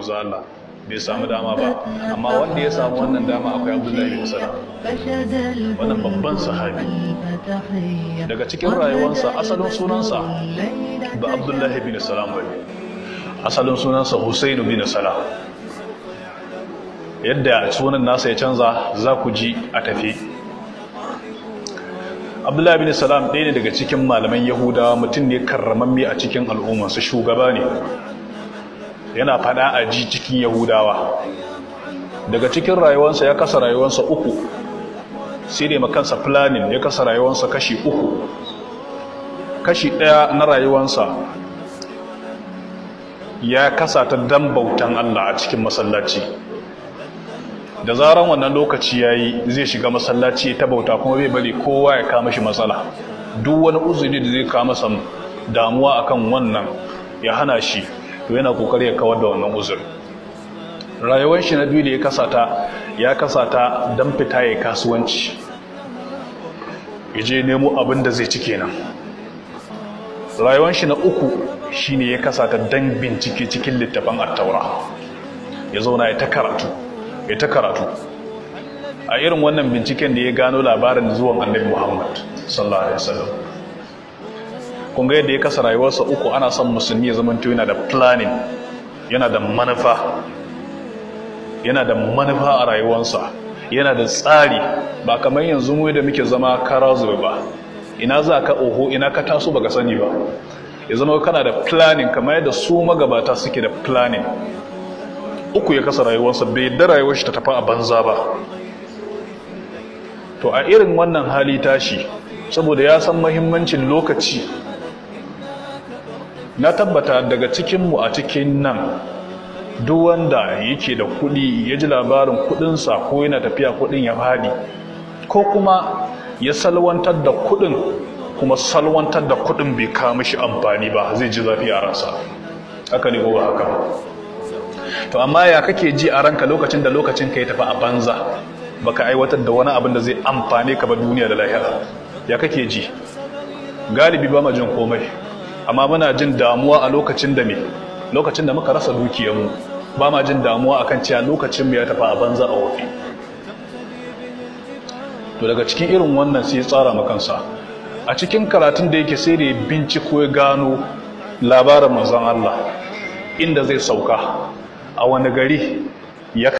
manzo Allah bai samu dama ba amma wanda ya samu wannan dama akwai abu Abdullahi bin Salam wannan babban sahabi daga cikin rayuwarsa asalin sunansa ba Abdullahi bin Salam ba asalin sunansa Husain bin Salam yadda sunan nasa ya canza za ku ji a tafi Abdullahi bin Salam ɗaya ne daga cikin malaman Yahudawa mutum ne karramammi a cikin al'ummarsa shugaba ne yana fada a ji cikin yahudawa daga cikin rayuwansa ya kasa rayuwansa uku sai dai makansa planning ya kasa rayuwansa kashi uku kashi ɗaya na rayuwarsa. ya kasa ta dan bautan Allah a cikin masallaci da zaran wannan lokaci ya yi zai shiga masallaci ta bauta kuma bai bari kowa ya kama shi matsala duk wani uzuri da zai kama samu damuwa akan wannan ya hana shi to yana kokari ya kawar da wannan uzuri rayuwar shi na biyu da ya kasata ya kasata don fita ya kasuwanci ya je nemo abin da zai ci kenan rayuwar shi na uku shine ya kasata don bincike cikin littafin attaura ya zauna ya ta ya ta karatu a irin wannan binciken da ya gano labarin zuwan annabi muhammad sallallahu alaihi wasallam kun ga yadda ya kasa rayuwarsa uku ana son musulmi ya zama yana da planning yana da manufa yana da manufa a rayuwarsa yana da tsari ba kamar yanzu mu da muke zama kara ba ina za ka oho ina ka taso baka sani ba ya zama kana da planning kamar yadda su magabata suke da planning uku ya kasa rayuwarsa bai da rayuwar shi ta tafa a banza ba to a irin wannan hali tashi saboda ya san mahimmancin lokaci na tabbata daga cikinmu a cikin nan duk wanda yake da kuɗi ya ji labarin kuɗinsa ko yana tafiya kuɗin ya fadi ko kuma ya salwantar da kuɗin kuma salwantar da kuɗin bai kama shi amfani ba zai ji zafi a ransa haka ne ko haka to amma ya kake ji a ranka lokacin da lokacin ka ya tafi a banza baka aiwatar da wani abin da zai amfane ka ba duniya da lahira ya kake ji galibi ba ma jin komai amma muna jin damuwa a lokacin da me lokacin da muka rasa mu, ba ma jin damuwa akan cewa lokacin mu ya tafi a banza a wofi to daga cikin irin wannan sai ya tsara kansa, a cikin karatun da yake sai da ya binciko ya gano labarin manzon Allah inda zai sauka a wani gari ya